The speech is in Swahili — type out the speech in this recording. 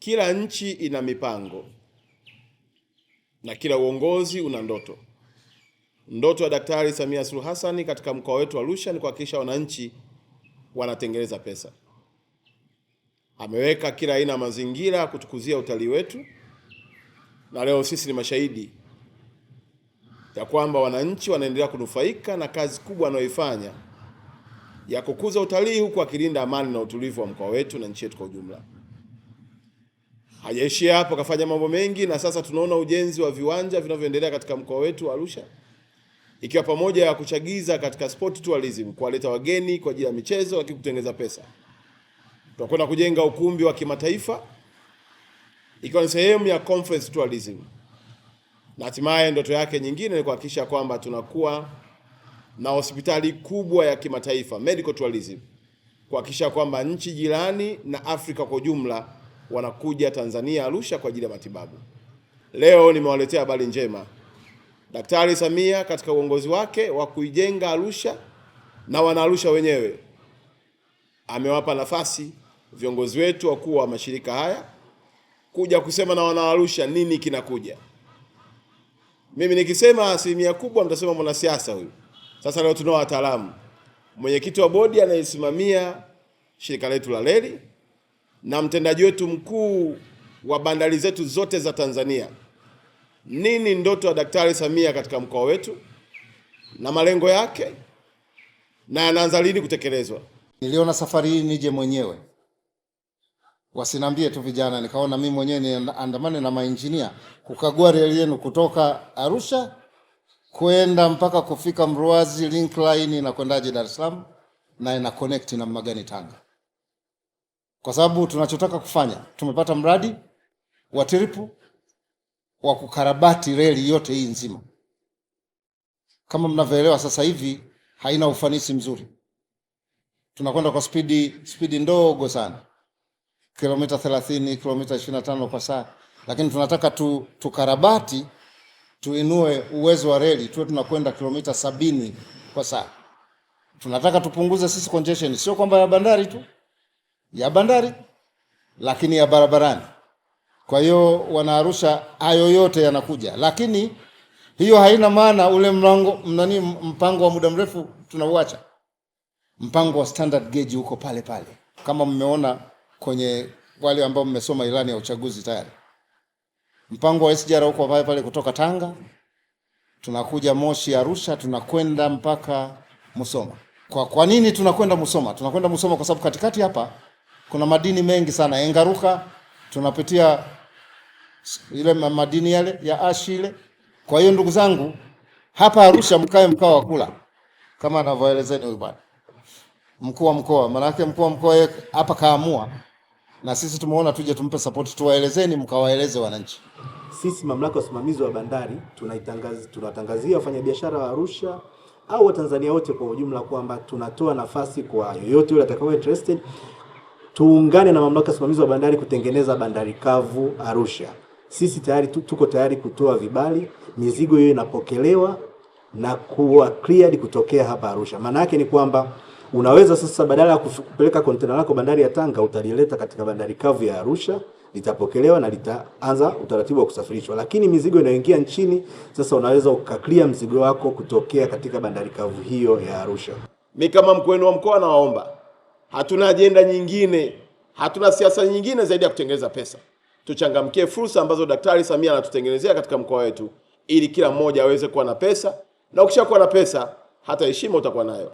Kila nchi ina mipango na kila uongozi una ndoto. Ndoto ya Daktari Samia Suluhu Hassan katika mkoa wetu wa Arusha ni kuhakikisha wananchi wanatengeneza pesa. Ameweka kila aina ya mazingira kutukuzia utalii wetu, na leo sisi ni mashahidi ya kwamba wananchi wanaendelea kunufaika na kazi kubwa anayoifanya ya kukuza utalii, huku akilinda amani na utulivu wa mkoa wetu na nchi yetu kwa ujumla. Hajaishia hapo, kafanya mambo mengi, na sasa tunaona ujenzi wa viwanja vinavyoendelea katika mkoa wetu wa Arusha, ikiwa pamoja ya kuchagiza katika sport tourism, kuwaleta wageni kwa ajili ya michezo, lakini kutengeneza pesa. Tunakwenda kujenga ukumbi wa kimataifa ikiwa ni sehemu ya conference tourism, na hatimaye ndoto yake nyingine ni kuhakikisha kwamba tunakuwa na hospitali kubwa ya kimataifa medical tourism, kuhakikisha kwamba nchi jirani na Afrika kwa ujumla wanakuja Tanzania Arusha kwa ajili ya matibabu. Leo nimewaletea habari njema. Daktari Samia katika uongozi wake wa kuijenga Arusha na wanaarusha wenyewe amewapa nafasi viongozi wetu wakuu wa mashirika haya kuja kusema na wanaarusha nini kinakuja. Mimi nikisema asilimia kubwa mtasema mwanasiasa huyu. Sasa leo tunao wataalamu, mwenyekiti wa bodi anayesimamia shirika letu la reli na mtendaji wetu mkuu wa bandari zetu zote za Tanzania, nini ndoto ya Daktari Samia katika mkoa wetu na malengo yake na yanaanza lini kutekelezwa. Niliona safari hii nije mwenyewe, wasinambie tu vijana, nikaona mimi mwenyewe niandamane na mainjinia kukagua reli yenu kutoka Arusha kwenda mpaka kufika Mruazi link line na kwendaje Dar es Salaam na ina connect na Mgani Tanga kwa sababu tunachotaka kufanya, tumepata mradi wa tiripu wa kukarabati reli yote hii nzima. Kama mnavyoelewa sasa hivi haina ufanisi mzuri, tunakwenda kwa spidi spidi ndogo sana, kilomita 30, kilomita 25 kwa saa, lakini tunataka tu, tukarabati tuinue uwezo wa reli tuwe tunakwenda kilomita sabini kwa saa. Tunataka tupunguze sisi congestion, sio kwamba ya bandari tu ya bandari, lakini ya barabarani. Kwa hiyo wanaarusha hayo yote yanakuja, lakini hiyo haina maana ule mlango nani, mpango wa muda mrefu tunauacha. Mpango wa standard gauge huko pale pale, kama mmeona kwenye wale ambao mmesoma ilani ya uchaguzi tayari, mpango wa SGR huko pale pale, kutoka Tanga tunakuja Moshi, Arusha, tunakwenda mpaka Musoma. Kwa, kwa nini tunakwenda Musoma? Tunakwenda Musoma kwa sababu katikati hapa kuna madini mengi sana engaruka, tunapitia ile madini yale ya ashi ile. Kwa hiyo ndugu zangu, hapa Arusha mkae mkao wa kula kama anavyoelezeni huyu bwana mkuu wa mkoa. Maana mkuu wa mkoa hapa kaamua, na sisi tumeona tuje tumpe support, tuwaelezeni, mkawaeleze wananchi. Sisi mamlaka ya usimamizi wa bandari tunaitangaza, tunatangazia wafanyabiashara wa Arusha au Watanzania wote kwa ujumla kwamba tunatoa nafasi kwa yoyote yule atakaye interested tuungane na mamlaka simamizi wa bandari kutengeneza bandari kavu Arusha. Sisi tayari tuko tayari kutoa vibali, mizigo hiyo inapokelewa na kuwa cleared kutokea hapa Arusha. Maana yake ni kwamba unaweza sasa, badala ya kupeleka kontena lako bandari ya Tanga, utalileta katika bandari kavu ya Arusha, litapokelewa na litaanza utaratibu wa kusafirishwa. Lakini mizigo inayoingia nchini sasa, unaweza ukaklia mzigo wako kutokea katika bandari kavu hiyo ya Arusha. Mimi kama mkuu wenu wa mkoa nawaomba hatuna ajenda nyingine, hatuna siasa nyingine zaidi ya kutengeneza pesa. Tuchangamkie fursa ambazo Daktari Samia anatutengenezea katika mkoa wetu, ili kila mmoja aweze kuwa na pesa, na ukishakuwa na pesa, hata heshima utakuwa nayo.